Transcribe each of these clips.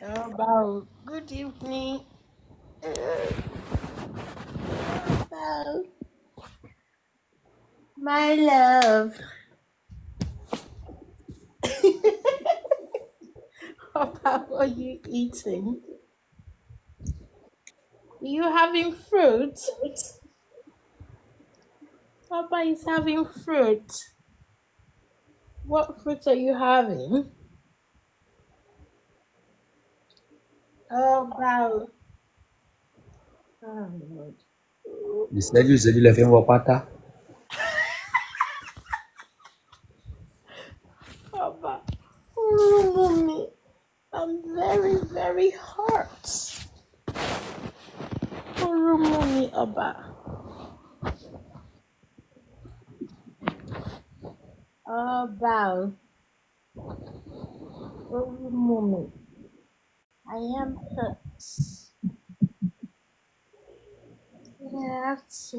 How About good evening. About my love. How About what are you eating? You having fruit? Papa is having fruit. What fruit are you having? Oh, about. Oh, Lord. Il s'est dit, j'ai dit, le film va pas tard. Papa, remove I'm very, very hurt. Remove oh, me, Abba. Abba. Oh, remove me. I am hooks. Let's see.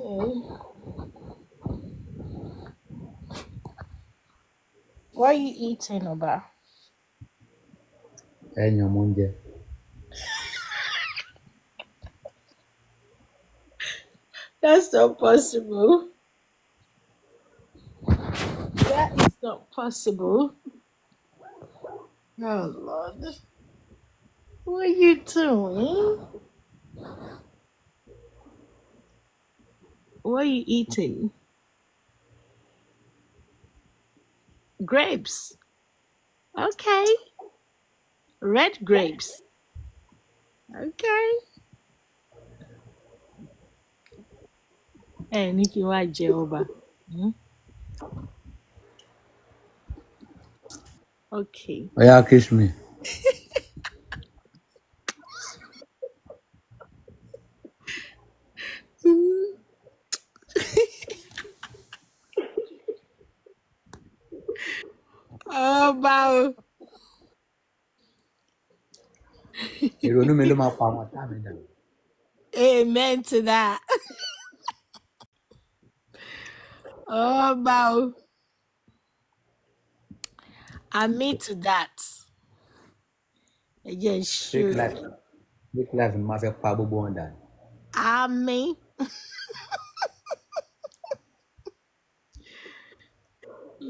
What are you eating, Oba? And your That's not possible. That is not possible. Oh, Lord. What are you doing? What are you eating? Grapes. Okay. Red grapes. Okay. Hey, Nikki, why Jehovah? wá jẹ ọba. Okay. Oya kiss me. Oh, wow. Amen to that. Oh, wow. Amen to that. Yes, Take sure. life. Take life in Mafia Pabo Bondan. Amen.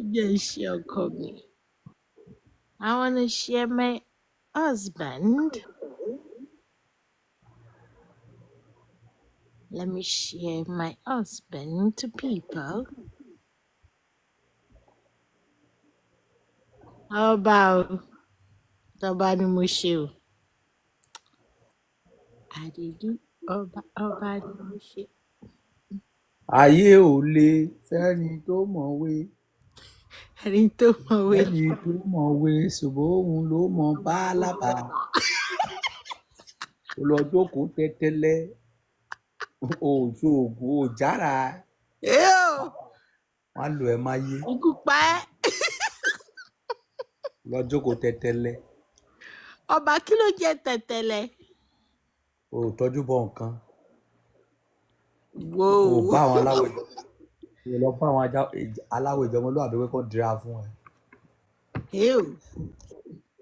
Yes, sure, me. I want to share my husband. Let me share my husband to people. How about the ni mo ṣe o? Àdìdú ọba ọba ni mo Ayé ò le sẹ́ni tó ẹni tó mọ̀wé. ẹni tó mọ̀wé ṣùgbọ́n òun ló mọ báálábà olùjókòó tẹ́tẹ́lẹ́ òjò ògùn òjára wọn lò ẹ máa yé. ikú pa ẹ́. olùjókòó tẹ́tẹ́lẹ́. ọba kí ló jẹ tẹ̀tẹ̀lẹ̀. o tọ́jú bọ nǹkan. wo o bá àwọn aláwọ̀ yìí ìwé lọ fún àwọn aláwọ̀ ìjọmọlúwàbí pé kàn dira fún ẹ.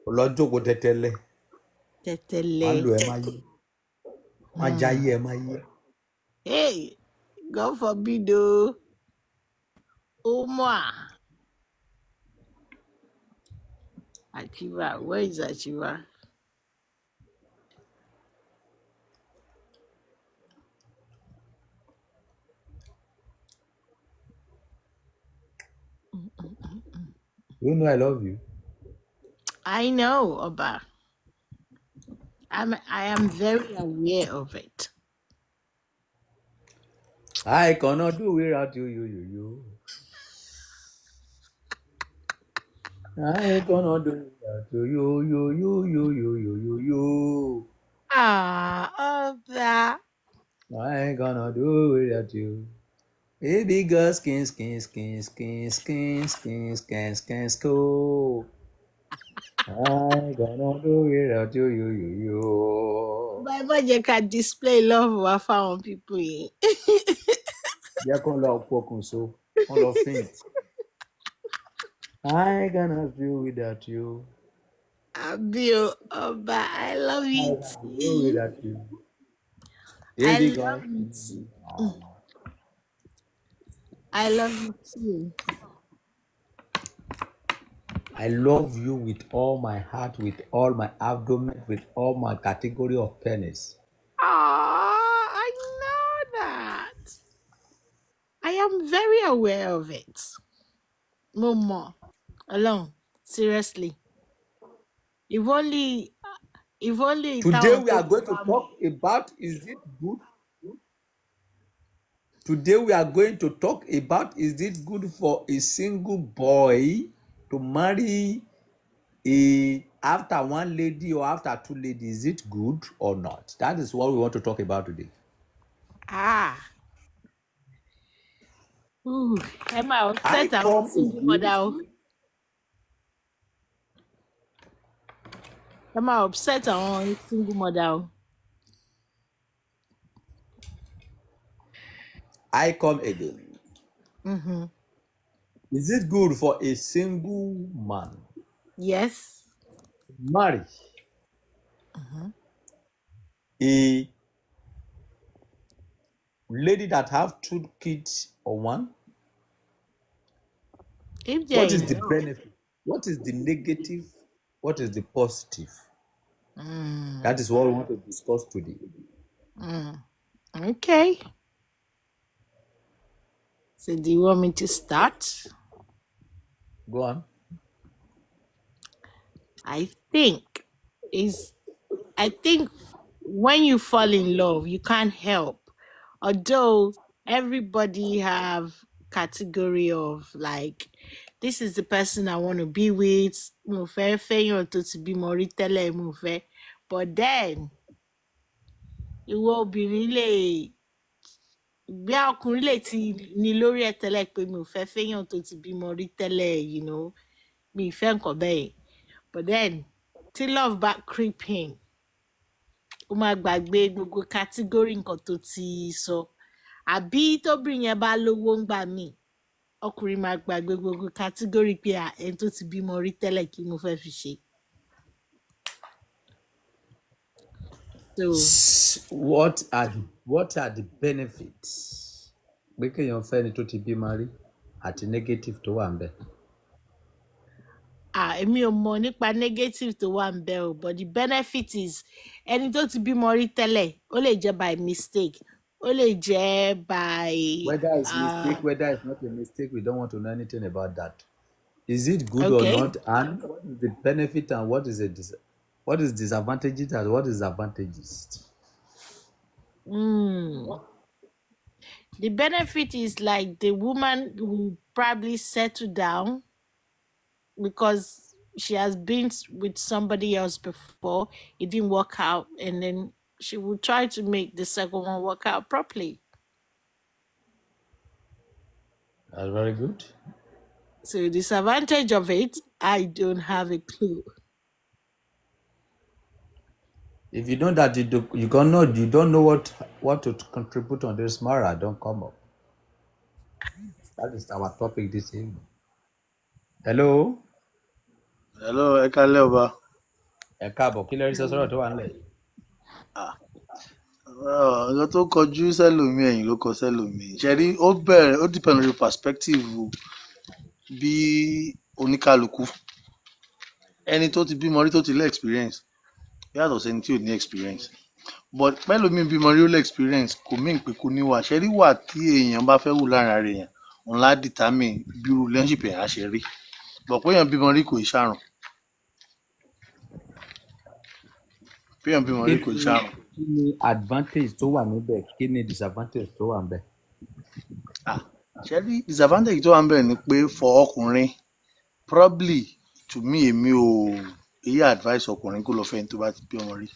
o lọ jókòó tẹtẹlẹ tẹtẹlẹ má lo ẹ má yé má hmm. jayé ẹ má yé. God forbid o ó mọ̀ à. Akiva, where is Akiva? You know I love you. I know, Oba. I'm I am very aware of it. I cannot do without you, you, you, you. I cannot do without you, you, you, you, you, you, you, you, you. Ah, Oba. I cannot do without you. Baby girl, skin, skin, skin, skin, skin, skin, skin, skin, school. I'm gonna do it without you, you, you, you. Bàbá jẹ́ ká display love wa fáwọn people Yeah, Jẹ́ kó lọ pokùn so, kó lọ faint. I'm gonna do without you. Àbí o, but I love you too. I love you too. I love you too. I love you. too. I love you with all my heart, with all my abdomen, with all my category of penis. Ah, I know that. I am very aware of it. Momo, alone, seriously. If only, if only. Today we are going to talk about is it good Today we are going to talk about is it good for a single boy to marry a after one lady or after two ladies? Is it good or not? That is what we want to talk about today. Ah. Ooh, Emma, I'm upset about single mother. Emma, upset àwọn single mother. I come again. Mm-hmm. Is it good for a single man? Yes. Marry mm-hmm. a lady that have two kids or one. If what is the benefit? What is the negative? What is the positive? Mm. That is what we want to discuss today. Mm. Okay. So, do you want me to start? Go on. I think is I think when you fall in love, you can't help. Although everybody have category of like this is the person I want to be with. Mo fẹ́ fẹ́yàn tó ti bímọ rí But then will be really. bí ọkùnrin lè ti ní lórí ẹ tẹ́lẹ̀ pé mi ò fẹ́ fẹ́yàn tó ti bímọ rí tẹ́lẹ̀ you know mi ì fẹ́ nǹkan bẹ́ẹ̀ but then tí love bá creep in ó máa gbàgbé gbogbo kátígórì nǹkan tó ti sọ àbí tóbìnrin yẹn bá lówó ń gbà mí ọkùnrin máa gbàgbé gbogbo kátígórì pé ẹni tó ti bímọ rí tẹ́lẹ̀ kí mo fẹ́ fi ṣe. So, what are what are the benefits pé kéèyàn fẹ́ni tó ti bímọ rí àti negative tó wà ń bẹ̀. ah èmi ò mọ̀ nípa negative tó wà ń bẹ̀ o but the benefit is ẹni tó ti bímọ rí tẹ́lẹ̀ ó lè jẹ́ by mistake ó lè jẹ́ by. whether it's uh, mistake whether it's not a mistake we don't want to know anything about that is it good okay. or not and what is the benefit and what is the dis what is disadvantages and what is advantages. Mm. The benefit is like the woman will probably settle down because she has been with somebody else before, it didn't work out, and then she will try to make the second one work out properly. That's very good. So, disadvantage of it, I don't have a clue. if you know that you do, you don't know you don't know what what to contribute on this Mara, don't come up that is our topic this evening hello. hello ẹ kálẹ́ ọba. ẹ káàbọ̀ kí lẹ́rìí sọ sọ́rọ̀ tó wà nílẹ̀. ọ̀rọ̀ tó kọjú sẹ́lòmí ẹ̀yìn ló kọ sẹ́lòmí ṣẹ́rí ó bẹ̀rẹ̀ ó depend on your perspective bí oníkálukú ẹni tó ti bímọ rí tó ti lé experience yàtọ̀ sẹ́ni tí ò ní experience but pẹ́lúmi bímọ real experience kò mí pé kò ní wà ṣẹ́rí wà tí èèyàn bá fẹ́ wù lára rẹ̀ yàn ńlá determine bí irú relationship yẹn á ṣe rí bọ̀ pé èèyàn bímọ rí kò í ṣàrùn pé èèyàn bímọ rí kò í ṣàrùn. kí ni advantage tó wà níbẹ̀ kí ni disadvantage tó wà níbẹ̀. ṣẹ́rí disadvantage tó wà níbẹ̀ ni pé for ọkùnrin probably to me èmi ò èyí advice ọkùnrin kó lọ fẹ́ tó bá ti bí ọmọ rí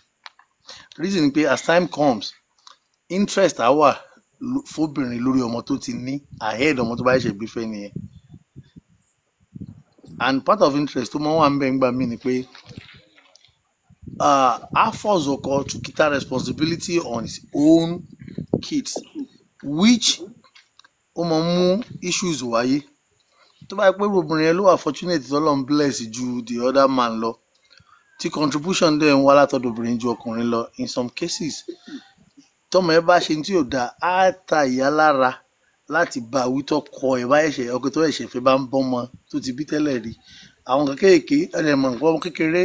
reason ni pé as time comes interest á wà fóbìnrin lórí ọmọ tó ti ní ahead ọmọ tó bá ṣe bí fẹ́ nìyẹn and part of interest tó máa wà ń bẹ̀ ń gbà mí ni pé uh, affords ọkọ to kita responsibility on his own kids which ó máa mú issues wáyé tó bá yẹ pé obìnrin yẹn ló wà fortunate tó lọ́n bless ju the other man lọ tí contribution dẹ̀ ń wá látọ̀dọ̀ obìnrin ju ọkùnrin lọ in some cases tọmọ ẹ bá ṣe ní tí yóò dáa á ta ìyá lára láti bá a wítọ́ kọ ẹ̀ bá ẹ̀ṣẹ̀ ọkọ̀ tó ẹ̀ṣẹ̀ fẹ́ bá ń bọ́mọ tó ti bí tẹ́lẹ̀ rí àwọn kékèké ẹ̀rẹ̀ mọ̀ nǹkan ọmọ kékeré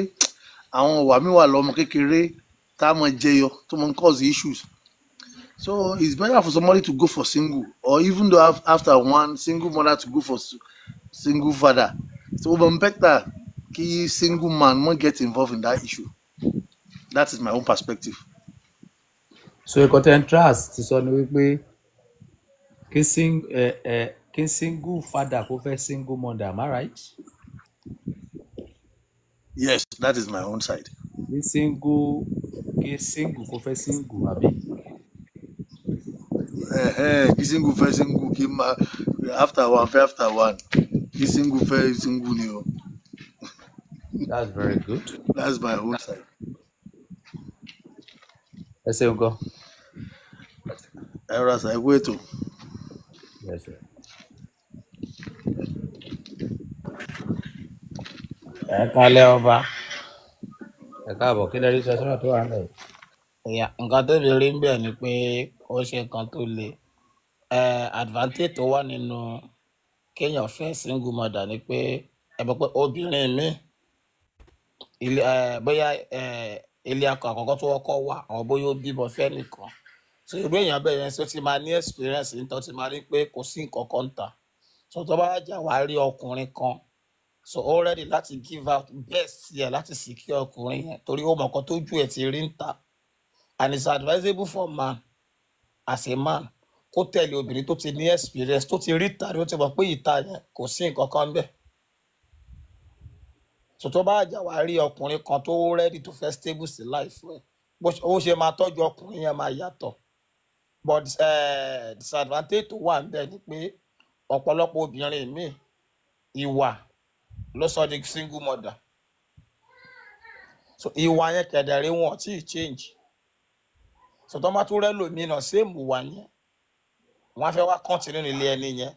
àwọn ọ̀wà mi wà lọ́mọ kékeré tá a mọ̀ jẹyọ tó mọ̀ ń cause issues so it's better for somebody to go for single or even though after one single mother to go for single father so ó mọ̀ ń better kí single man wọn get involved in that issue that is my own perspective. so ẹ̀kọ́ tẹ́ ń trust ti sọ ni wípé kí sing ẹ ẹ kí single father kó fẹ́ single mother am I right. yes that is my own side. kí single kí single kó fẹ́ single àbí. kí single fẹ́ single kí ma after one fẹ́ after one kí single fẹ́ single ni o. That's very good. That's my whole side. Ẹ ṣeun kan. Ẹ rọra sa ẹ Ẹ ọba. Ẹ káàbọ̀ kí lè rí sọ tó wà ni pé ó ṣe nǹkan tó le. Advantage tó wà nínú kéèyàn fẹ́ single mother ni pé ẹ bọ́ pé bóyá ilé àkọ́kọ́ tó wọ́kọ́ wà àwọn bóyá ó bímọ fẹ́nìkan tí irú èèyàn bẹ́ẹ̀ yẹn ti máa ní experience ní tó ti máa rí pé kò sí nǹkan kan tà so tó bá jà wá rí ọkùnrin kan so ó láti give out best yẹ láti secure ọkùnrin yẹn torí ó mọ̀ọ́kan tó ju ẹ̀ ti rí ń ta and it's advisable for man as a man kó tẹ̀lé obìnrin tó ti ní experience tó ti rí ta ni ó ti mọ̀ pé ìta yẹn kò sí nǹkan kan bẹ́ẹ̀ so tó bá jà wá rí ọkùnrin kan tó rẹ́dì tó fẹ́ stable sí life ẹ̀ bó ṣe máa tọ́jú ọkùnrin yẹn máa yàtọ̀ but uh, disadvantage tó wà níbẹ̀ ni pé ọ̀pọ̀lọpọ̀ obìnrin míì ìwà ló sọ di single mother so ìwà yẹn kẹ̀dẹ̀rẹ́ wọn tí change so tó bá tún rẹ́ lòmíì náà same ìwà yẹn wọ́n á fẹ́ wá continue nílé ẹni yẹn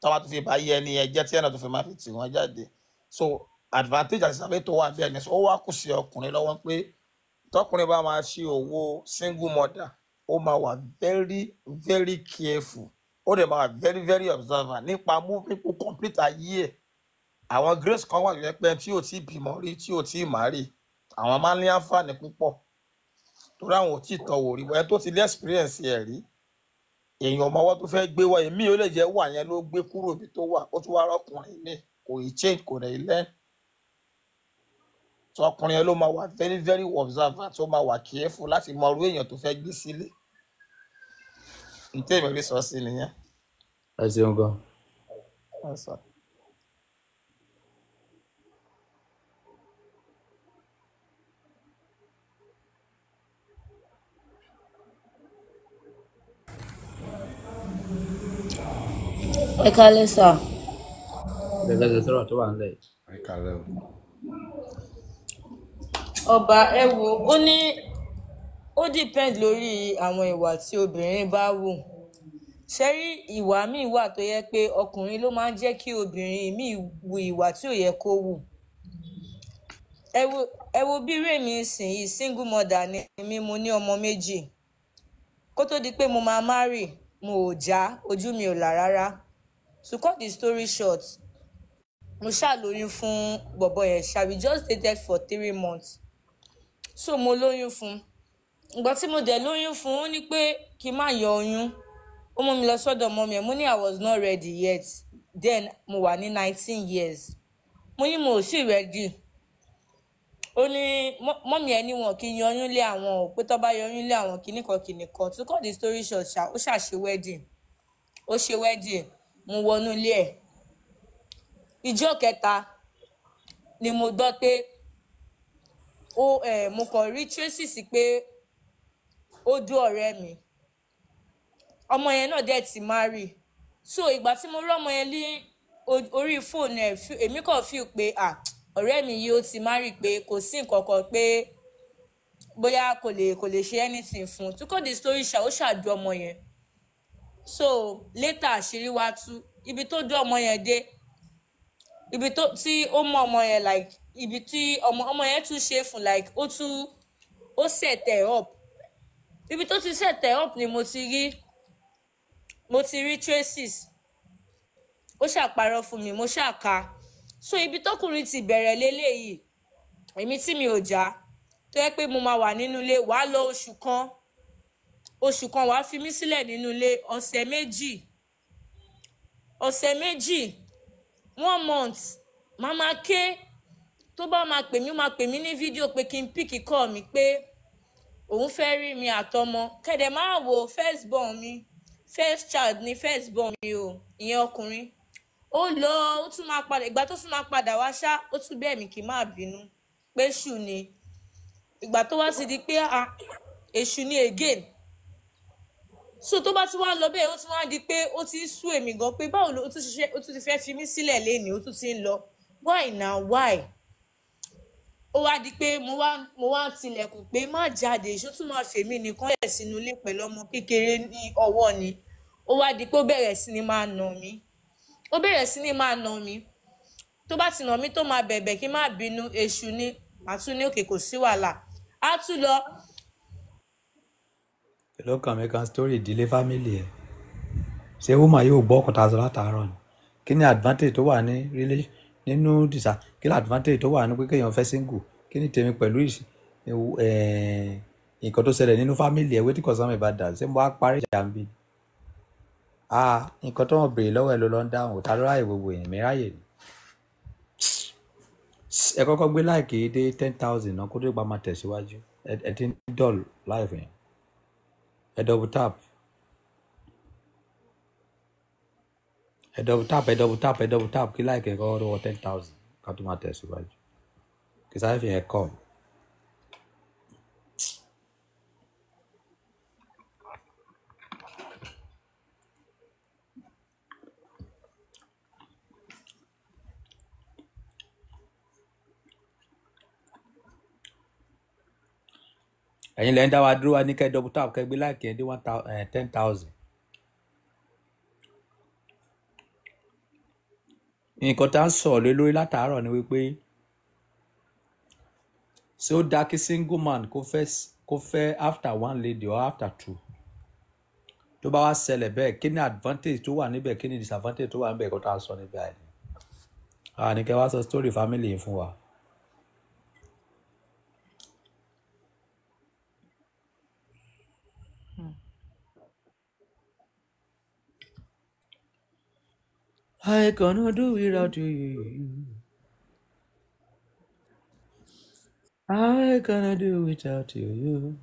tó bá tún fi bá yé ẹni yẹn jẹ́ tí ẹ̀nà tó fi máa fi tì wọ́n jáde so advantage àti sàbẹ̀ tó wà bẹ́ẹ̀ ni ó wá kù sí ọkùnrin lọ́wọ́ pé tọkùnrin bá máa ṣe owó single mother ó máa wà very very careful ó dẹ̀ máa wà very very observant nípa moving to complete ayé ẹ̀ àwọn grace kan wà yẹn pé tí ò tí bímọ rí tí ò tí mà rí àwọn máa ń ní àǹfààní púpọ̀ torí àwọn ò tí tọwò rí bóyá tó ti lé experience ẹ̀ rí èèyàn ọmọwọ́ tó fẹ́ gbé wá èmi ò lè jẹ́ wà yẹn ló gbé kúrò ibi tó wà ó tún wá rọkùnrin ní kò ì change kò rẹ̀ ilẹ́nu so ọkùnrin yẹn ló máa wà very very observant ó máa wà careful láti mọ irú èèyàn tó fẹ́ gbé sílé ǹtẹ́ ìmọ̀lẹ́ sọ sí nìyẹn. ẹ ṣeun gan. ẹ kalẹ sá. ẹ kalẹ sọ̀rọ̀ tó wà ń lẹ. ẹ kalẹ o ọba ẹ wo ó ní ó depend lórí àwọn ìwà tí obìnrin bá wù ṣe rí ìwà míì wà tó yẹ pé ọkùnrin ló máa ń jẹ́ kí obìnrin míì wu ìwà tí ò yẹ kó wù ẹ wo ẹ wo bí rèmi sìnyí single mother ni mi mo ní ọmọ méjì kó tó di pé mo máa marry mo ò já ojú mi ò là rárá to cut the story short mo ṣàlóyún fún bọ̀bọ̀ yẹn ṣá we just dated for three months so mo lóyún fún un ìgbà tí mo dẹ̀ lóyún fún un ó ní pé kí n má yọ oyún ó mú mi lọ sọ́dọ̀ mọ́mí ẹ̀ mo ní i was not ready yet then mo wà ní nineteen years mo ní mo ò sì ready ó ní mọ́mí ẹ̀ ní wọn kì í yọyún lé àwọn ò pé tó bá yọyún lé àwọn kìnnìkan kìnnìkan to cut the story short ó ṣàṣe wedding ó ṣe wedding mo wọnú ilé ẹ̀ ìjọ́ kẹta ni mo gbọ́ pé ó mo kàn rí tracy sí pé ó dó ọ̀rẹ́ mi ọmọ yẹn náà dẹ̀ ti marry so ìgbà tí mo rí ọmọ yẹn ní orí fóònù ẹ̀ èmi kàn feel pé ah ọ̀rẹ́ mi yìí ó ti marry pé kò sí nǹkan kan pé bóyá kò lè kò lè ṣe anything fún un the story ṣá ó ṣàdú ọmọ yẹn so later àṣírí wá tú ibi tó dú ọmọ yẹn dé ibi tó tí ó mọ ọmọ yẹn like ibi tí ọmọ ọmọ yẹn tún ṣe fún like ó tún ó set up ibi tó ti set up ni mo ti rí mo ti rí traces ó ṣàparọ́ fún mi mo ṣàka so ibi tọkùnrin ti bẹ̀rẹ̀ lélẹ́yìí èmi tí mi ò já tó yẹ pé mo máa wà nínú ilé wàá lọ oṣù kan oṣù kan wàá fi mí sílẹ̀ nínú ilé ọ̀sẹ̀ méjì ọ̀sẹ̀ méjì one month màmá ké tó bá máa pè mí ó máa pè mí ní fídíò pé kí n píkì kọ́ mi pé òun fẹ́ rí mi àtọmọ kẹ̀dẹ̀ máa wo first born mi first child ni first born mi o ìyẹn ọkùnrin ó lọ ó tún máa padà ìgbà tó tún máa padà wá ṣá ó tún bẹ́ẹ̀ mi kì í máa bínú pé ṣù ni ìgbà tó wá ti di pé ah, èṣù ni again so tó bá ti wá lọ bẹ́ẹ̀ ó ti wá di pé ó ti sú èmi gan pé báwo ló ó tún ti fẹ́ fi mí sílẹ̀ lénìí ó tún ti ń lọ why na why ó wá di pé mo wá mo wá tilẹ̀kùn pé má jáde ṣó tún máa fèmí nìkan lẹ̀ sínú ilé pẹ̀lú ọmọ kékeré ní ọwọ́ ni ó wá di pé ó bẹ̀rẹ̀ sí ni máa nà mí ó bẹ̀rẹ̀ sí ni máa nà mí tó bá ti nà mí tó máa bẹ̀bẹ̀ kí má bínú èṣù ni màá tún ní òkè kò sí wàhálà á tún lọ. èló kan mi kan story ìdílé fámìlì ẹ ṣé wúmà yóò gbọ́ ọkọ̀ tààzọ́ látàárọ̀ ni kí ni advantage tó wà ní relation nínú dìsà kí ni advantage tó wà ní pé kéèyàn fẹ́ single kí ni tèmi pẹ̀lú eh, eh, nǹkan tó ṣẹlẹ̀ nínú fámìlì ẹ̀ wetin concern me bá dà ṣé mo wá parí ìjà ń bí ah nǹkan tó ń béèrè lọ́wọ́ ẹ̀ ló lọ ń dáhùn ta ló ráàyè gbogbo èèyàn mi ráàyè ni ẹ kọ́kọ́ gbé láìkì dé ten thousand náà kó tó ipa máa tẹ̀síwájú ẹ ti ń dọ̀lù láìpẹ́ yẹn ẹ double tap ẹ double tap ẹ double tap ẹ double tap kí láìpẹ́ kọ́ oro ten thousand ká tó máa tẹ̀síwájú kí sáré fi yẹn kọ́ ẹ̀yin lẹ́yìn dá wa dúró wa ní kẹ́ double tap kẹ́ gbé láìpẹ́ dé one eh, ten thousand. nǹkan tá à ń sọ̀rọ̀ lé lórí látàárọ̀ ni wípé ṣé ó dá kí single man kó fẹ́ kó fẹ́ after one lady or after two tó bá wá ṣẹlẹ̀ bẹ́ẹ̀ kí ni advantage tó wà níbẹ̀ kí ni disadvantage tó wà níbẹ̀ kó tá à ń sọ níbẹ̀ àìní àníkẹ́ wá sọ story family yìí fún wa. I gonna do without you. I gonna do without you.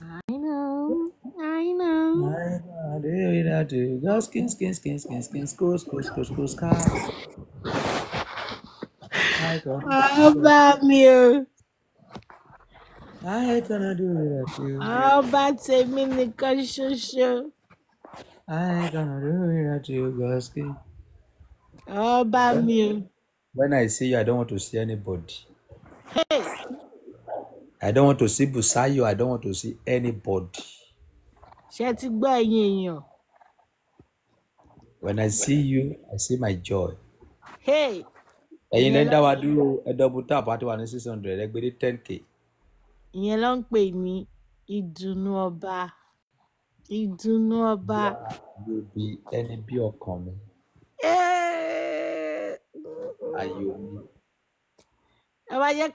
I know. I know. I cannot do without you. Go skin, skin, skin, skin, skin, skin, skin, skin, skin, skin. skin, skin, about me? I cannot do without you. How about me in the show? I cannot do without you, Goski. Oh, bá mi When I see you, I don't want to see anybody. Hey. I don't want to see Busayo. I don't want to see anybody. Ṣé ti gbọ́ ẹ̀yin When I see you, I see my joy. Hey. You lẹ́ ń dá wa dúró ẹ̀dọ́gbọ̀n tap at one six hundred ẹgbẹ̀rún ten k. You long Ìyẹn ló ń pè ní ìdùnnú ọba. Ìdùnnú ọba. Yóò di ẹni bí ọkàn coming? Hey! ayò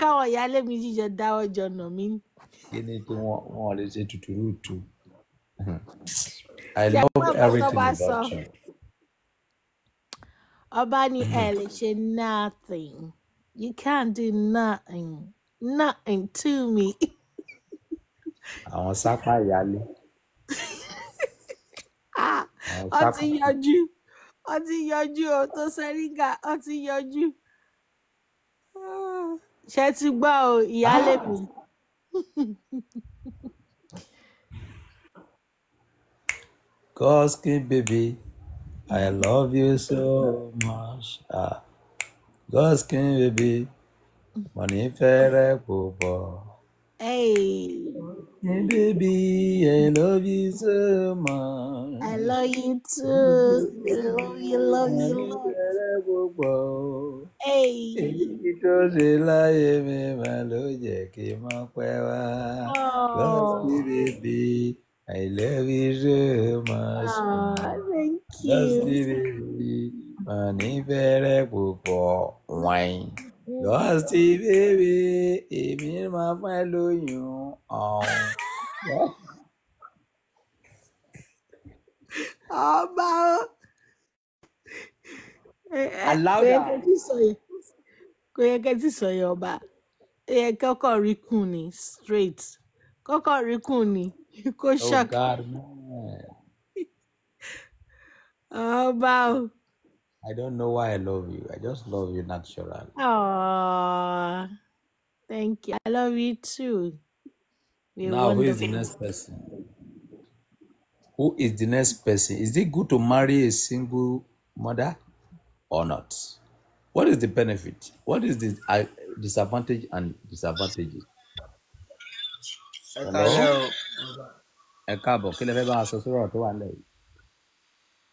wá jọ mí. lè ṣe tuturu tu i love everything about you. Obani, ní hmm. ẹ nothing you can't do nothing nothing to me. àwọn sápá Ah, ó ti yanjú. ọ ti yọjú o tó sẹríngà ọ ti yọjú ṣe ti gbọ́ o ìyáálé ah. mi. Godskin baby I love you so much ah. Godskin baby mo nífẹ̀ẹ́ rẹ púpọ̀. Hey. Hey, baby, I love you so much. I love you too. I love you, love oh. you, love you. Hey. Èyí tó ṣe láyé mi máa ló jẹ́ kí n mọ̀ pẹ́ baby. I love you so much. Oh, thank you. Love you, baby. Mà ní fẹ́rẹ̀ púpọ̀ wáyé. Dusty baby, èmi máa fún ẹ lóyún ọ̀hún. Ọba o. Aláwọ̀. Kò yẹ kẹ́ ti sọ yẹn ọba. Ó yẹ kọ́kọ́ rí kùn ni straight. Kọ́kọ́ rí kùn ni kó Oh ṣàkóso. Ọba o. I don't know why I love you. I just love you naturally. Oh, thank you. I love you too. we now, who is the next person? Who is the next person? Is it good to marry a single mother or not? What is the benefit? What is the uh, disadvantage and disadvantages? Hello? Ẹ káàbọ̀, kí lẹ fẹ́ a tó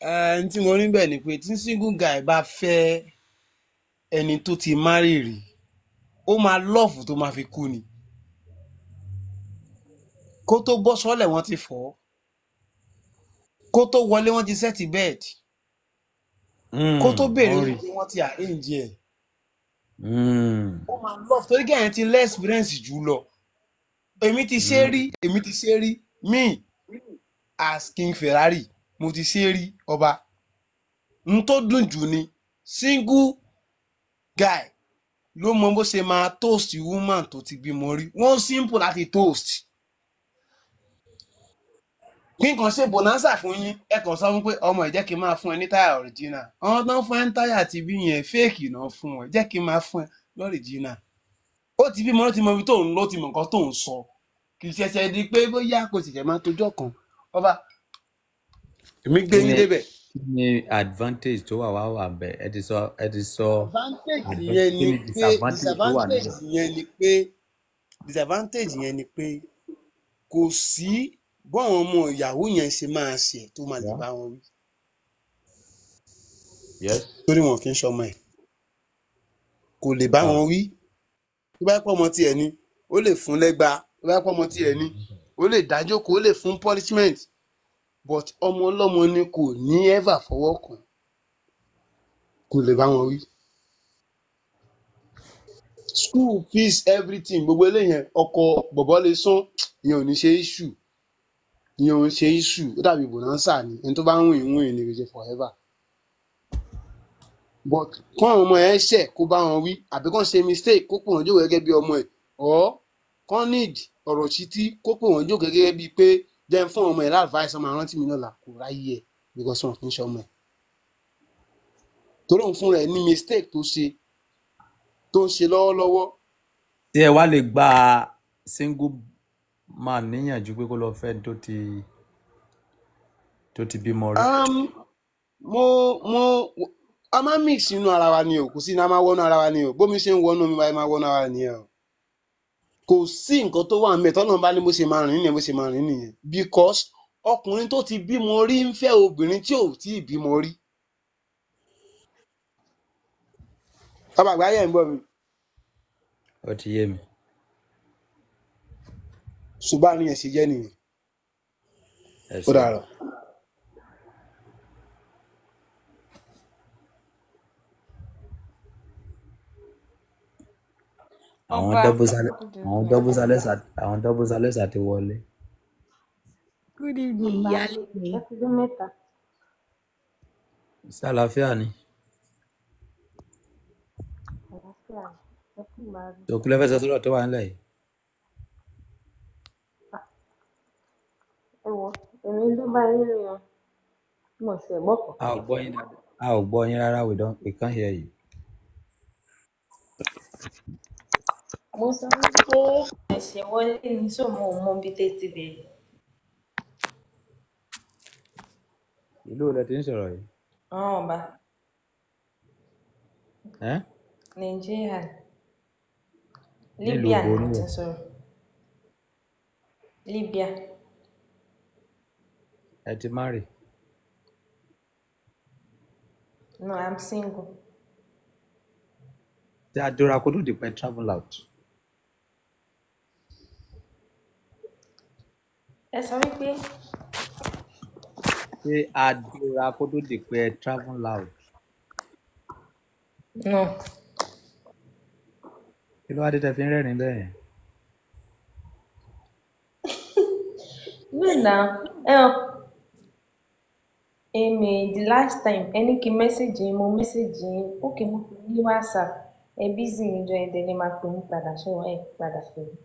ẹni eh, tí mo rí bẹ́ẹ̀ ni pé tí single guy bá fẹ́ ẹni tó ti marry rí ó máa lọ́ọ̀fù tó máa fi kú ni kó tó bọ́ sọ́lẹ̀ wọ́n ti fọ́ kó tó wọlé wọ́n ti sẹ́ẹ̀tì bẹ́ẹ̀dì kó hmm, tó béèrè oúnjẹ wọ́n ti àríǹjẹ ẹ̀ hmm. ó máa lọ́ọ̀fù torí kí ẹ̀yìn ti less experience jù lọ èmi ti ṣe hmm. rí èmi ti ṣe rí me as King Ferrari mo ti ṣe rí ọba n tó dùn jù ni single guy ló mọ bó ṣe máa toast woman tó ti bímọ rí One simple láti toast kíkan ṣe bonanza fún yín ẹ kàn sọ fún pé ọmọ ẹ jẹ́ kí n máa fún ẹ ní táyà ọ̀ríjínà àwọn tó ń fún ẹ ní táyà àti bí yẹn fẹ́ẹ̀kì náà fún ẹ jẹ́ kí n máa fún ẹ lọ́ríjínà ó ti bímọ ló ti mọ ibi tó ń lọ ti mọ nǹkan tó ń sọ kì í ṣẹ̀ṣẹ̀ di pé bóyá kò sì ṣẹ̀ máa tójọ́ kan ọba èmi gbé yín débẹ̀. kí ni advantage tó wà wá wà bẹ̀ ẹ ti sọ ẹ ti sọ advantage yẹn ni pé disadvantage yẹn ni pé disadvantage yẹn ni pé kò sí bọ́n ọmọ ìyàwó yẹn ṣe máa ṣe tó máa lè bá wọn wí. torí wọn kì í ṣọmọ ẹ̀ kò lè bá wọn wí tó bá pọ̀ ọmọ tiẹ̀ ni ó lè fún lẹ́gba tó bá pọ̀ ọmọ tiẹ̀ ni ó lè dájókòó ó lè fún punishment but ọmọ ọlọ́mọ ni kò ní ever fọwọ́ kàn kò lè bá wọn wí. school fees everything gbogbo eléyẹn ọkọ bọ̀bọ̀ lè sún ìyẹn ò ní ṣe iṣu ìyẹn ò ń ṣe iṣu ó dàbí bonanza ni ẹni tó bá ń wìn wìn ni kò forever but kán ọmọ ẹ ṣẹ kó bá wọn wí àbí kán ṣe mistake kó pè wọn jókòó gẹ́gẹ́ bí ọmọ ẹ ọ kán need ọ̀rọ̀ sí tí kó pè wọn jókòó gẹ́gẹ́ bíi pé then fún ọmọ ẹ̀ láàdváìsì ọmọ àrántí mi lọ́la kò ráyè ẹ̀ because wọn kì í ṣe ẹ̀ torí òun fúnra ẹ̀ ní mistake tó ṣe tó ń ṣe lọ́wọ́lọ́wọ́. tí ẹ wá lè gba single man níyànjú pé kó lọ fẹ́ tó ti tó ti bímọ rí. Um, mo mo a máa mix inú ara wa ni o kò sí ní a máa wọnú ara wa ni o bómi ṣe ń wọnú mi báyìí máa wọnú ara wa ni o kò sí nǹkan tó wà mẹ́tọ́ náà bá ní bó ṣe máa rìn nìyẹn bó ṣe máa rìn nìyẹn because ọkùnrin tó ti bímọ rí ń fẹ́ obìnrin tí ò tí ì bímọ rí. ọba àgbáyé ẹ̀ ń gbọ́ mi. ó ti yé mi. ṣùgbọ́n àníyàn ṣe jẹ́ nìyẹn. ó dàrọ̀. àwọn double sales àti wọlé. good evening ìyáálé mi. ṣé àlàáfíà ni. òkú lẹ́fẹ̀ẹ́ sọ sọ́dọ̀ tó wà nílẹ̀ yìí. ẹ wọ èmi ló bá yín lè yan mo ṣe ẹ̀gbọ́n kan. a ò gbọ́ yín rárá we don't we can't hear you mo sọ wípé ẹ̀ṣẹ̀ wọlé ni so mo ò mọ ibi tẹ́ ti bẹ̀rẹ̀. ìlú olè ti ń sọ̀rọ̀ yìí. ọ̀hún ọba. ẹ́. nàìjíríà libya ni mo ti sọ̀rọ̀ libya. ẹ ti marry. no i'm single. tí a dúra kó tó di pẹ́ travel out. ẹ sọ wípé. ṣé a dúra kó tó di pé travel loud. no. kí ló wá dé tẹ fi ń rẹ́rìn bẹ́ẹ̀. wait na um, èmi the last time ẹni kí mẹ́sẹ̀gì mo mẹ́sẹ̀gì ó kì í mú ní whatsapp ẹ bí zì ń jọ ẹ máa pè mí padà ṣé wọ́n padà pè mí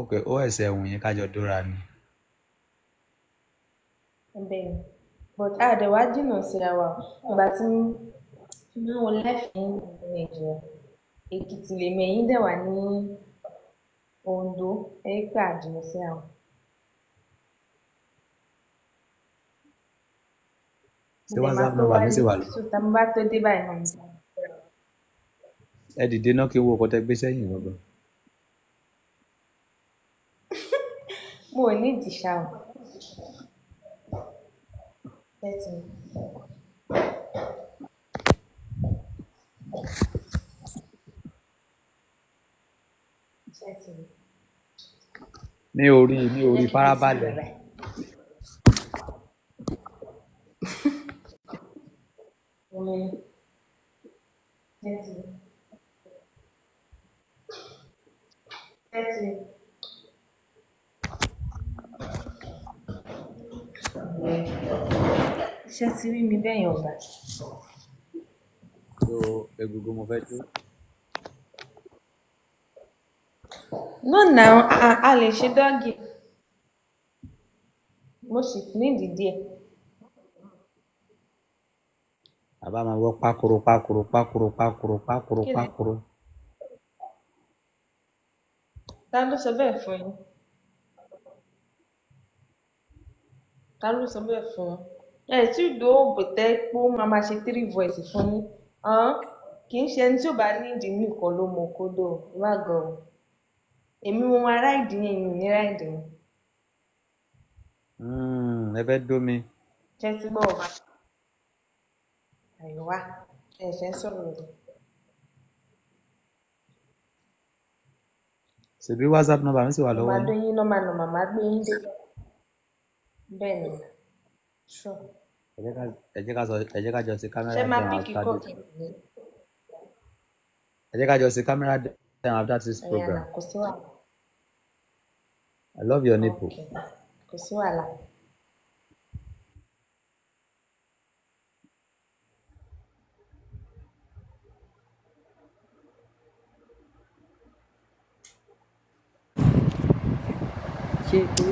ok ó ẹsẹ̀ ẹ̀wùn yẹn kájọ dóra ni. bẹ́ẹ̀ but àdè wá jìnnà síra wa ìgbà tí mo wọ láìpẹ́ nàìjíríà èkìtì lèmi ẹ̀yìn dẹ̀ wà ní ondo ẹ̀ pé àjìnnà síra wa. ṣé whatsapp number mi sì wà lọ. sọta mo bá tó dé báyìí náà. ẹ dìde náà kí n wo ọkọ tẹ gbé sẹ́yìn gbọgbọ. boy need the shower. me. mi ò rí mi ò rí farabalẹ̀. Thank Thank you. Ṣé ti rí mi bẹ́yìn ọ̀gá? So egungun mo fẹ́ tú. No now, a lè ṣe dọ́gì. Mo sì nídìí díẹ̀. Bàbá máa wọ pákoro pákoro pákoro pákoro pákoro pákoro. Ta ló sọ bẹ́ẹ̀ fún yín? ta ló sọ bẹ́ẹ̀ fún ọ ẹ tí ìdòwò bòtẹ́ pé ó máa máa ṣe three voice fún yín kì í ṣe ẹni tí ò bá ní ìdí nìkan ló mọ kódò má gan o èmi mo máa ráìdì yẹn ìyún ní ráìdì yẹn. Hmm, ẹ fẹ́ dómi. ṣé ti gbọ́ ọ àyíwá ẹ ṣe ń sọ̀rọ̀ rẹ̀. ṣèbí whatsapp number mi sì wà lọ́wọ́ yín. màá dún nọ́mà nọ́mà màá gbé yín dé bẹ́ẹ̀ ni sure. ẹ jẹ́ ká sọ ẹ jẹ́ ká jọ sí kámẹ́rà dẹ̀ after this a jẹ́ ká jọ sí kámẹ́rà dẹ̀ after this program. I love your nipple. Kò sí wàhálà. ṣe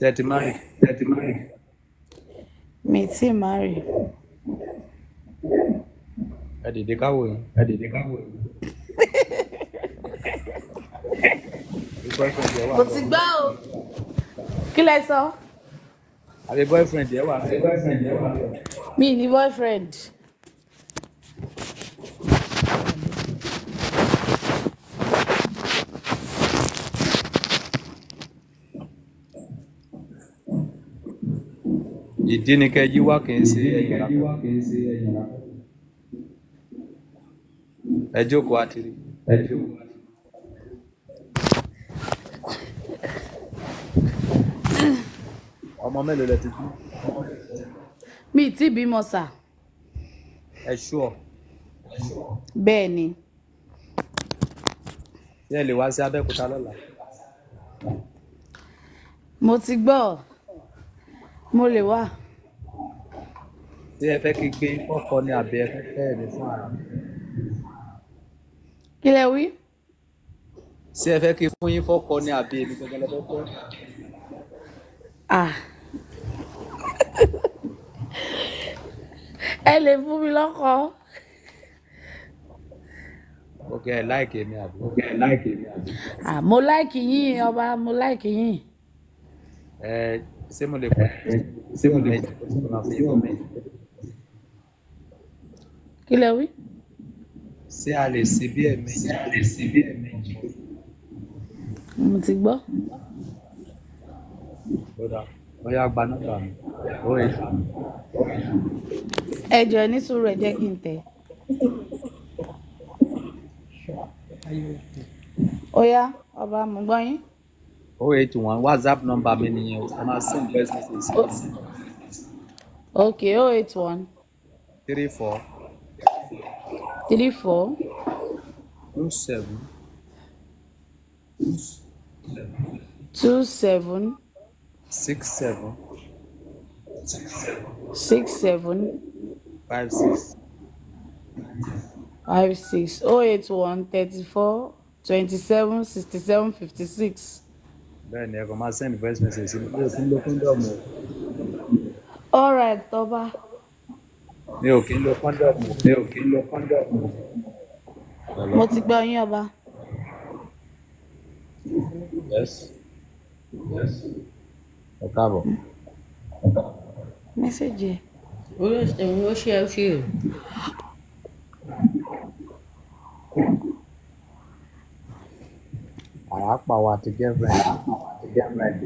Tẹ́ ti marry. Tẹ́ ti marry. Mi ti marry. Ẹ dìde káwò yín. Ẹ dìde káwò yín. Mo ti gbọ́ o. Kí lẹ sọ? Àbí boyfriend yẹ wà. Mi ni boyfriend. ìdí ni kẹ́ yíwá kì í ṣe ẹ̀yìn rà ẹ jókòó àtìrí ẹ jókòó. ọmọ mélòó lẹ ti bí. mi ì tí ì bímọ sà. ẹ ṣú ọ. bẹ́ẹ̀ ni. ṣé ẹ lè wá sí Abẹ́òkúta lọ́la. mo ti gbọ́ mo lè wà. ṣé ẹ fẹ́ kí n gbé ọkọ ní àbí ẹ fẹ́ fẹ́ mi fún ara mi. kí lẹ wí. ṣé ẹ fẹ́ kí n fún yín fọ́kọ ní àbí èmi gbọ́dọ̀ lọ́dọ̀ fún ẹ. ah ẹ lè fún mi lọ́kọ. ok ẹ láìkì mi àbí. ok ẹ láìkì mi àbí. ah mo láìkì yín ọba mo láìkì yín. ẹ. Eh, se mo lè kọ se mo lè kọ kí lẹ wí. ṣé a lè ṣe bí ẹ̀mejì a lè ṣe bí ẹ̀mejì. mo ti gbọ́. bóyá gba nọ́mbà mi ó ẹ̀ sàn. ẹ jọ̀ọ́ ní sùúrù ẹ jẹ́ kí oh eight one whatsapp number mi nìyẹn o máa send best message ok oh eight one. three four. three four. two seven. two seven. six seven. six seven. five six. five six oh eight one thirty four twenty seven sixty seven fifty six bẹ́ẹ̀ ni ẹ kò máa send voice message sí mi pé òkú ń lo kóńdọ̀mù o. all right tọ́ba. mi ò kí ń lo kóńdọ̀mù mi ò kí ń lo kóńdọ̀mù. mo ti gbọ́ yín ọba. yes yes ẹ káàbọ̀. mẹ́sẹ̀gì. ó ṣe é ó ṣe é. Àràpá wa ti girlfriend. Ti girlfriend.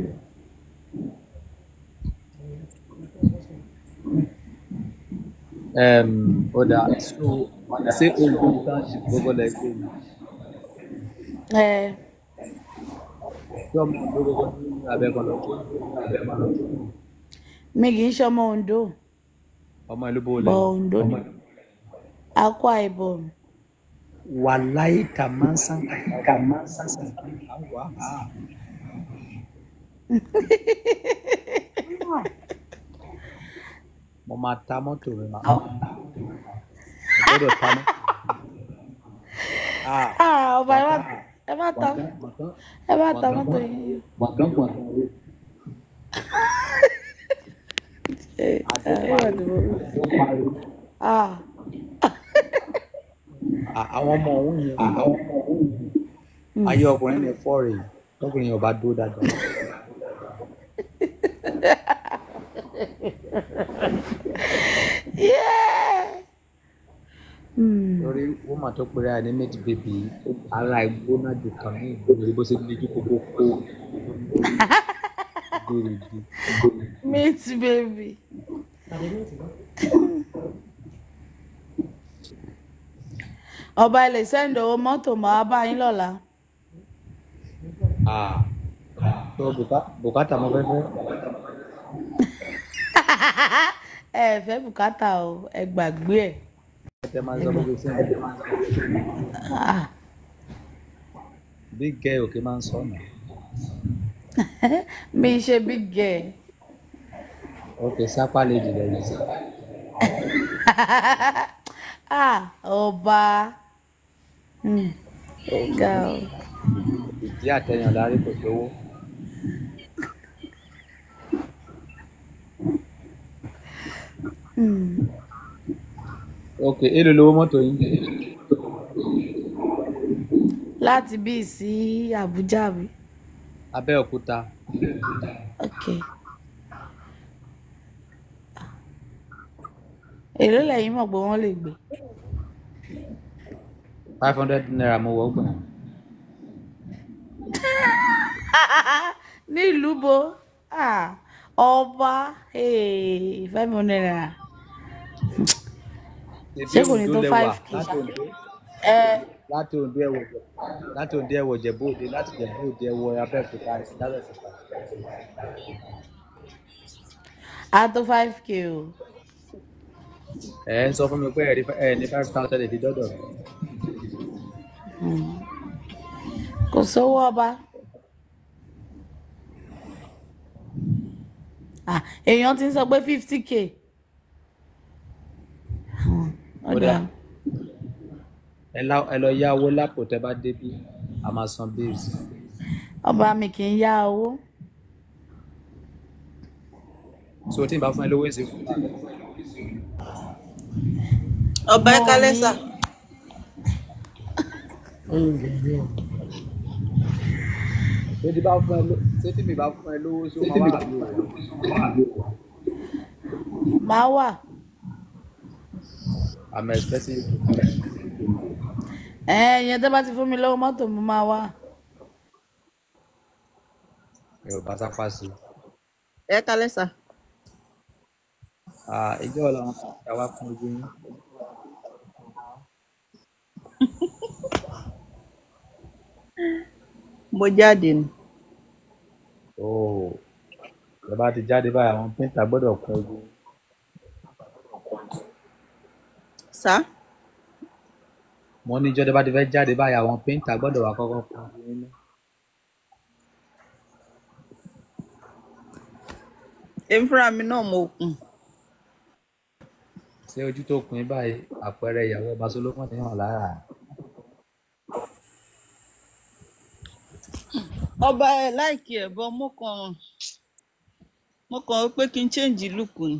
Um, ó dáa so ṣé ogun táǹṣì gbogbo lẹ gbé mi. Ṣé ọmọ Ondo gbogbo ní abẹ́kọ̀ọ́ lọ? Mi kì í ṣe ọmọ Ondo. Ọmọ ìlú bó lẹ. Ọmọ Ondo ni. Akwa Ibom wallahi kaman san kaman san san mo máa ta mọ́tò rẹ̀ máa gbọ́dọ̀ ta mọ́tò ah. ah, ọba ẹ má ta ẹ má ta mọ́tò yìí. Ah àwọn ọmọ òun yẹn hmm. àwọn ọmọ òun yẹn hmm. ayé ọkùnrin ní fọ́ọ̀rì lọ́kùnrin yẹn ọba dúró dáadáa. lórí wọ́n tó pèrè àdé baby. bèbí ara ìgbóná jù kan ní ìgbóná bó ṣe lójú kókó kó. meat baby. ọba ilé sẹ́ńdọ̀ owó mọ́tò máa bá yín lọ́la. Ah. sọ bùkátà mo fẹ́ fẹ́. ẹ fẹ́ bùkátà o ẹ gbàgbé ẹ̀. big girl òkè máa ń sọ ọ̀nà. mi ṣe big girl. ok sápá lè jìnnà yìí. ah ọba. Oh, ìgbà o. ìdí àtẹyàn darí kò sówó. Hmm. ok èlò lówó mọ́tò yín. láti bíi sí Àbújá mi. Abẹ́òkúta. ok. èló lẹ́yìn mọ̀ pé wọ́n lè gbé five hundred naira mo wọ́ gbọ̀n. nílùú bo ah, ọba eh, five hundred naira ṣé kò ní tó five k ṣá eh. láti òde ẹwọ láti òde ẹwọ jẹbú òde láti jẹbú òde ẹwọ abẹ́òkúta ẹ̀sìn lábẹ́òkúta. a tó five k o. ẹ ń sọ fún mi pé ẹ ní five thousand èdè dọ́dọ̀ mi kò sówó ọba ah, èèyàn ti ń sọ pé fifty k ọ̀dà ẹ lọ yá owó lápò tẹ bá débí a máa san bills. ọba mi kì í yá owó. so tí n bá fún ẹ lówó ìsìnkú. ọba ẹ kálẹ́ sà ṣé tí bá fún ẹ ló ṣé tí mi bá fún ẹ lówó ṣé o máa wà lówó máa wà. I'm expecting you to come. ẹ ìyẹn tó bá ti fún mi lọ́wọ́ mọ́tò mo máa wà. yorùbá sápá sí. ẹ kalẹ́ sà. Ah, ìjọ́ ọ̀la wọn kà wá fún ojú yín. mo jáde ni. ẹ bá ti jáde báyìí àwọn píńtà gbọ́dọ̀ kún ojú. sá. mo ní ìjọba ti fẹ́ jáde báyìí àwọn píńtà gbọ́dọ̀ wà kọ́kọ́ kún ojú nínú. èmi mi náà mo kùn. ṣé ojú tó kún báyìí àpẹẹrẹ ìyàwó ọba sọlọ́pọ̀ ti hàn lára ọba ẹ láìkí ẹ bọ mo kàn mo kàn ó pé kí n change look ni.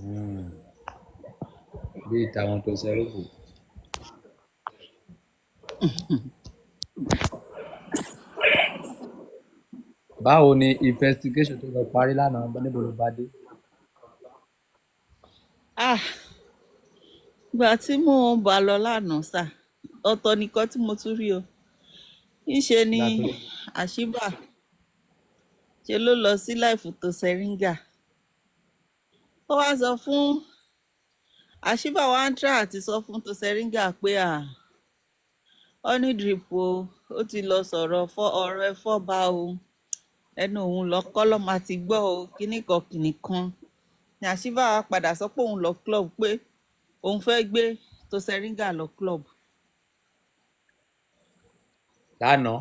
Hmm. bí ìtàwọn tó ṣe rúbù. báwo ni investigation tó lọ parí lánàá níbo ló bá dé. ah ìgbà tí mo bá lọ lánàá sáà ọ̀tọ̀ nìkan tí mo tún rí o ńṣe ni àṣìbà ṣe ló lọ sí láìfù tó sẹríngà ó wá sọ fún àṣìbà wa ń tra àti sọ fún tó sẹríngà pé à honeydew o ó ti lọ sọ̀rọ̀ fọ ọ̀rọ̀ ẹ̀fọ́ bá o ẹnu òun lọ kọ́lọ́ máa gbọ́ o kíníkan kìnìkan ni àṣìbà padà sọ pé òun lọ club pé òun fẹ́ gbé tó sẹríngà lọ club lánàá.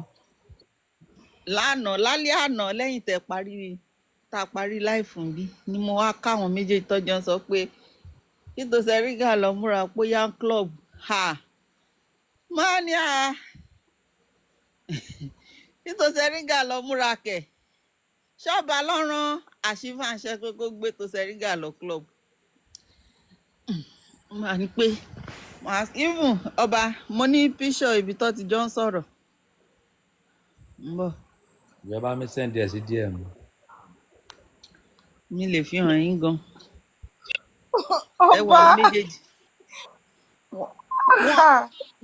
lánàá lálẹ́ àná lẹ́yìn tẹ́ parí tá a parí láìfù bí ni mo wá káwọn méjèèjì tọ́jú sọ pé nítòsí ẹ̀rígà lọ múra póyá club ha mania ní a nítòsí ẹ̀rígà lọ múra kẹ̀ ṣọ́ọ̀bà lọ́rán àṣìfàǹṣẹ́ pé kó gbé tòsí ẹ̀rígà lọ club máa ní pé even ọba mo ní píṣọ ibi tó ti jọ ń sọ̀rọ̀ Ńbọ̀. Ìjọba mi sẹ́ndì ẹ̀ sí DM. Mi lè fi hàn yín gan. Ẹ wà méjèèjì.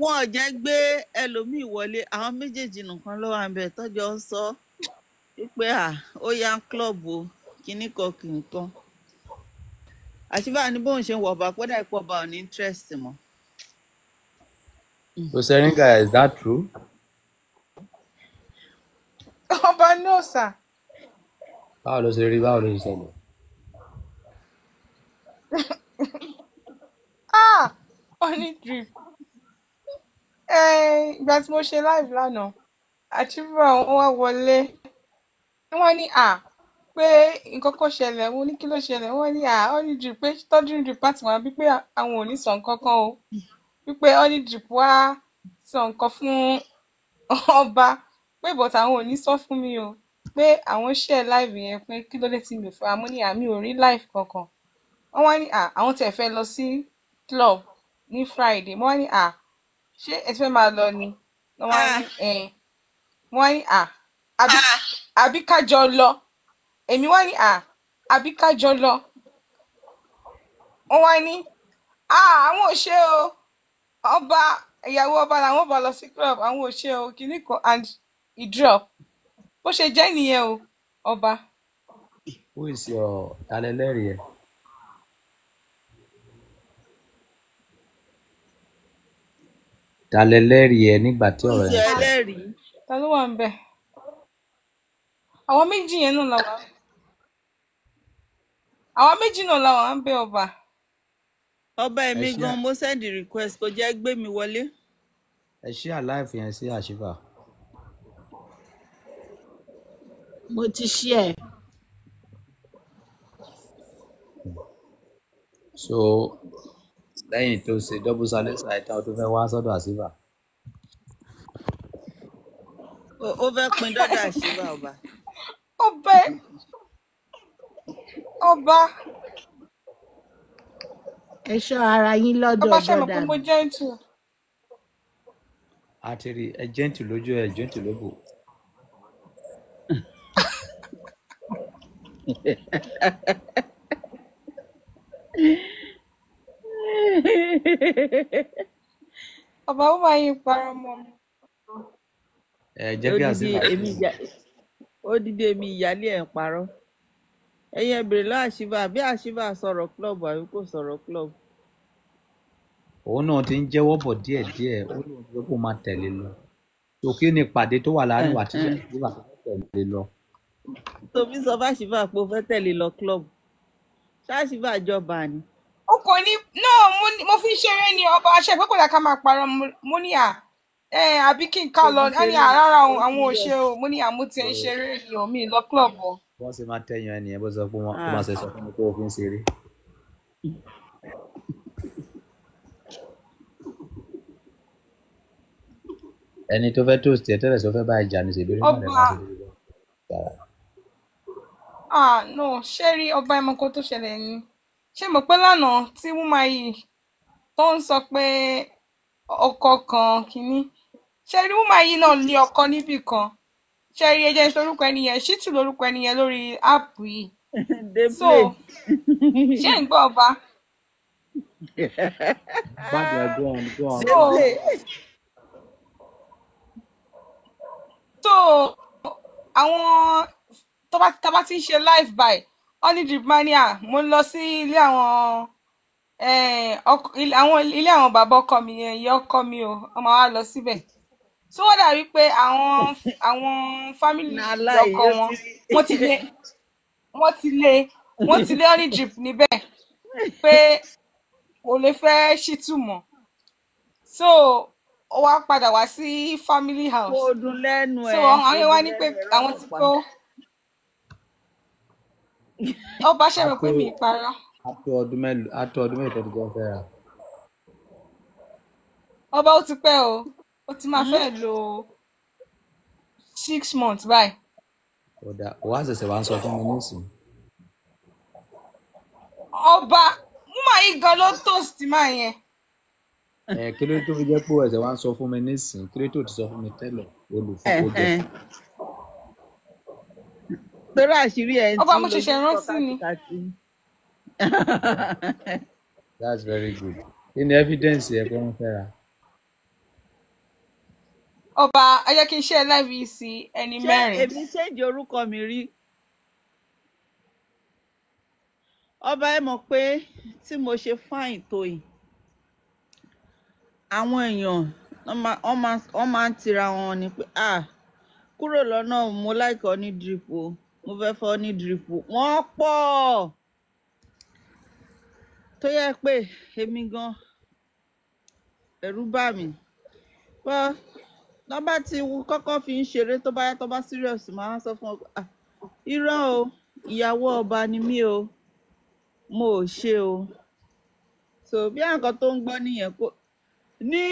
Wọ́n jẹ́ gbé ẹlòmíì wọlé, àwọn méjèèjì nìkan ló wà ń bẹ̀ tọ́jọ́ sọ wípé à ó yá klọ́ọ̀bù o, kíní kan kì í kan. Àṣìbá ni bóun ṣe ń wọ̀ ọba pọ́dà ìpọ̀ ọba ò ní interest mọ́. So Seringa, is that true? ọba náà sà. báwo ló ṣe rí báwo ló ṣe ṣẹlẹ̀. ah honey drip ìgbà tí mo ṣe live lánàá àtúbọ̀ wọn wá wọlé wọn ní à pé nǹkan kan ṣẹlẹ̀ wọn ní kí ló ṣẹlẹ̀ wọn ní à honey drip pé tọ́jú drip pàtì wọn bí pé àwọn ò ní sàn kankan o wípé honey drip wá sàn nǹkan fún ọba pé but àwọn ò ní sọ fún mi o pé àwọn share live yẹn pé kí ló dé tí mi ò fura mo ní àmì ò rí live kankan wọ́n wá ní àwọn tẹ̀ fẹ́ lọ sí club ní Friday mo wá ní ṣé ẹ ti fẹ́ máa lọ ni wọ́n wá ní ah. mo wá ní àbí ah. kájọ lọ èmi wá ní àbí kájọ lọ wọ́n wá ní àwọn ò ṣe o ọba ìyàwó ọba làwọn ọba lọ sí club àwọn ò ṣe o kìnnìkan and Idrap bó ṣe jẹ́ nìyẹn o ọba. who is your alẹ́lẹ́rìí ẹ. talẹ́lẹ́rìí ẹ nígbà tí ọ̀rọ̀ yẹn ṣe. ta ló wà ń bẹ̀ àwọn méjì yẹn náà làwọn àwọn méjì náà làwọn ń bẹ̀ ọba. ọba èmi gan mo send request kò jẹ́ gbé mi wọlé. ẹ ṣí àláìfù yẹn sí àṣìfà. mo ti share. so lẹ́yìn tó ṣe double salisa ẹ̀ta tó fẹ́ wá sọ́dọ̀ àṣìbà. ó fẹ́ pin dọ́dọ̀ àṣìbà ọba. ọba ọba. ẹ ṣọ́ ara yín lọ́dọ̀ ọba ṣe mọ̀ pé mo jẹ́ ìtù. àtìrí ẹ jẹ́ǹtì lójú ẹ jẹ́ǹtì lóbò. ọba ụmụ anyị kpara mọ odidi emi Iyali ẹ̀ parọ́ ẹ̀yin ẹ̀bẹ̀rẹ̀ bí club àbí kò sọ̀rọ̀ club. òun náà ti ń jẹ́wọ́ bọ̀ díẹ̀díẹ̀ ó lóun tó kó máa tẹ̀lé lọ òkè ni ìpàdé tó wà láàrin wa ti eh, eh. tẹ̀lé lọ. tòbí sọ bá ṣì bá pò fẹ́ tẹ̀lé lọ club ṣáàṣì bá jọba ni. o kàn ní náà mo fi ń ṣeré ni ọba aṣẹ pé kò dá ká máa parọ́ mo ní à àbí kí n ká lọ ní àrárá àwọn òṣè o mo ní àmú ti ń ṣeré ni omi lọ club o. wọ́n sì máa tẹ̀yàn ẹnìyẹn bó sọ pé ah. wọ́n máa ṣe sọ fún mi pé òfin ṣeré. ẹni tó fẹ́ tó tiẹ̀ tẹ́lẹ̀ sọ fẹ́ bá ìjà ni ṣèbéèrè náà lẹ́nu ah no ṣé rí ọba ẹmọkọ tó ṣẹlẹ̀ ni ṣé mo pé lánàá tí wúmá yìí tó ń sọ pé ọkọ kan kínní ṣé rí wúmá yìí náà lé ọkọ níbì kan ṣé rí ẹjẹ lórúkọ ẹni yẹn ṣítù lórúkọ ẹni lórí áàpù yìí so ṣé ń gbọ́ ọba. Bàbá ẹ so tó bá tá a bá ti ń ṣe live by onidripmania mo ń lọ sí ilé àwọn eh, àwọn ilé àwọn bàbá ọkọ mi ìyá ọkọ mi o ọmọ wa lọ síbẹ̀ tó wọ́n dàbí pé àwọn àwọn fámìlì ọkọ wọn wọ́n ti lé wọ́n ti lé wọ́n ti lé onidrip níbẹ̀ pé kò lè fẹ́ ṣìtúmọ̀ so ó wá padà wá sí family house so àwọn yẹn wá ní pé àwọn ti kó ọba ṣẹ́mi pé mi para. ato ọdún mélòó ato ọdún mélòó tọ́jú gan fẹ́ ra. ọba ó ti pẹ́ o ó ti máa fẹ́ lo six months báyìí. ọ̀dà wàá ṣẹ̀ṣẹ̀ wá ń sọ fún mi nísìnyí. ọba múmà yìí gan ló toast máa yẹn. ẹ kí ló tó fi jẹ́ pé ẹ̀sẹ̀ wá ń sọ fún mi nísìnyí kí ló tó ti sọ fún mi tẹ́lẹ̀ olùfọwọ́jọ torí àṣírí ẹ ọba mo ṣẹ̀ṣẹ̀ rántí ni. that's very good In ni evidence ẹ kọ́ ń fẹ́ra. ọba ẹ jẹ́ kí n ṣe ẹlẹ́rìí sí ẹni mẹ́rin. ṣé èmi ṣèǹjì orúkọ mi rí ọba ẹ mọ̀ pé tí mo ṣe fáìn tó yìí àwọn èèyàn wọ́n máa ń tira wọn ni pé ah kúrò lọ́nà mo láìkọ́ ní drip o. Oh mo fẹ́ fọ́ ní dìrìpù wọ́n pọ̀ tó yẹ pé èmi gan ẹ̀rù bà mí pé nọ́mbà tí kọ́kọ́ fi ń ṣeré tó bá yá tó bá serious máa sọ fún ọ ah, irọ́ o ìyàwó ọba ni mí o mo ò ṣe o so bí nǹkan tó ń gbọ́ nìyẹn kó ní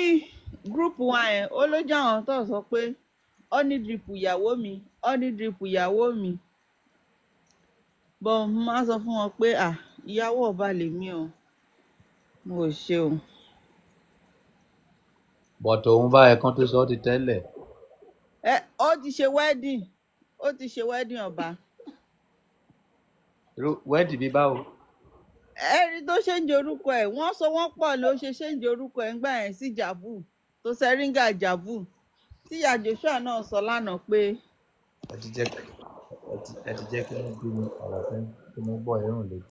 gúrúùpù wa yẹn ó ló jẹ́ àwọn tó sọ pé ọ́ ìyàwó mi ọ́ ní dìrìpù ìyàwó mi bọ́ máa sọ fún wọn pé à ìyàwó ọba lèmi o mo ò ṣe o. bọ̀tọ̀ òun bá ẹ̀kan tó sọ ọ́ ti tẹ́lẹ̀. ẹ ó ti ṣe wedding ó ti ṣe wedding ọba. wedding bíi báwo. ẹ̀rí tó ṣe ń jorúkọ ẹ̀ wọ́n sọ wọ́n pọ̀ ló ṣe ṣe ń jorúkọ ẹ̀ ńgbà yẹn sí Jàbú tó sẹ́ríńgà Jàbú tí ìyá Joshua náà sọ lánàá pé. ẹ ti jẹ́ pẹ̀lú ẹ ti jẹ́ kí wọ́n gbé ọ̀rọ̀ fún kí wọ́n gbọ́ ẹ̀rùn létí.